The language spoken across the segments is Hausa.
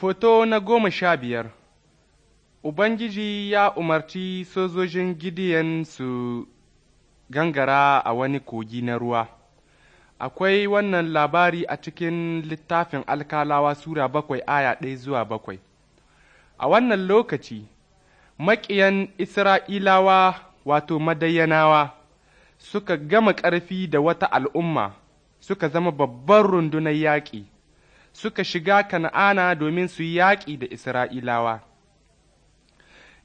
Foto na goma sha biyar Ubangiji ya umarci sojojin Gideon su gangara a wani kogi na ruwa. Akwai wannan labari a cikin littafin alkalawa Sura bakwai aya ɗaya zuwa bakwai. A wannan lokaci, maƙiyan Isra'ilawa wato Madayanawa suka gama ƙarfi da wata al'umma suka zama babban rundunar yaƙi. suka shiga Kana'ana domin su yi yaƙi da Isra'ilawa.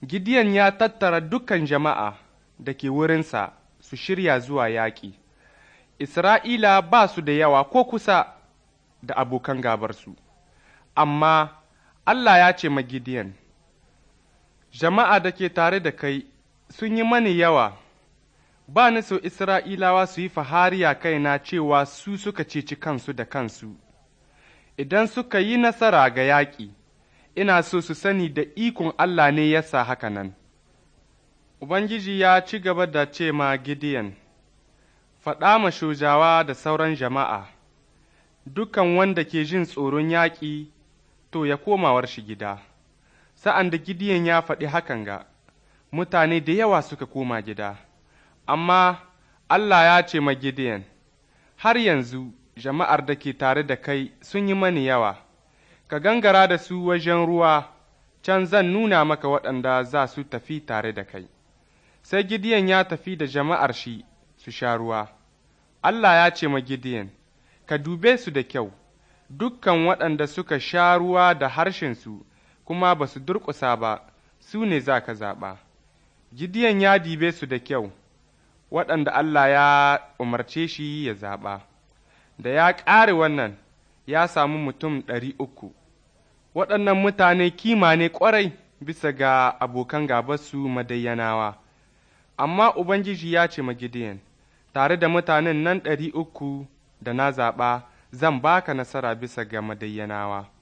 Gideon ya tattara dukan jama'a da ke wurinsa su shirya zuwa yaƙi. Isra'ila ba su da yawa ko kusa da abokan gabarsu, amma Allah ya ce ma Gideon, Jama'a da ke tare da kai sun yi mani yawa, ba ni so Isra'ilawa su yi fahariya kaina cewa su suka ceci kansu da kansu. idan suka yi nasara ga yaƙi, ina so su sani da ikon Allah ne ya sa haka nan. Ubangiji ya ci gaba da ce ma Gideon, faɗa ma shojawa da sauran jama'a, dukan wanda ke jin tsoron yaƙi to ya komawar shi gida. Sa'an da Gideon ya faɗi hakan ga, mutane da yawa suka koma gida, amma Allah ya ce ma Gideon, har yanzu jama'ar da ke tare da kai sun yi mani yawa, ka gangara da su wajen ruwa, can zan nuna maka waɗanda za su tafi tare da kai. Sai Gideon ya tafi da jama'ar shi su sha ruwa. Allah ya ce ma Gideon, Ka dube su da kyau, dukkan waɗanda suka sha ruwa da harshensu kuma ba su durƙusa ba, su ne za ka zaɓa. Gideon ya dibe su da kyau, waɗanda Allah ya umarce shi ya zaɓa. da ya ƙare wannan ya samu mutum ɗari uku, waɗannan mutane kima ne ƙwarai bisa ga abokan gabasu madayyanawa, amma Ubangiji ya ce Magidiyan, tare da mutanen nan ɗari uku da na zaɓa zan baka nasara bisa ga madayyanawa.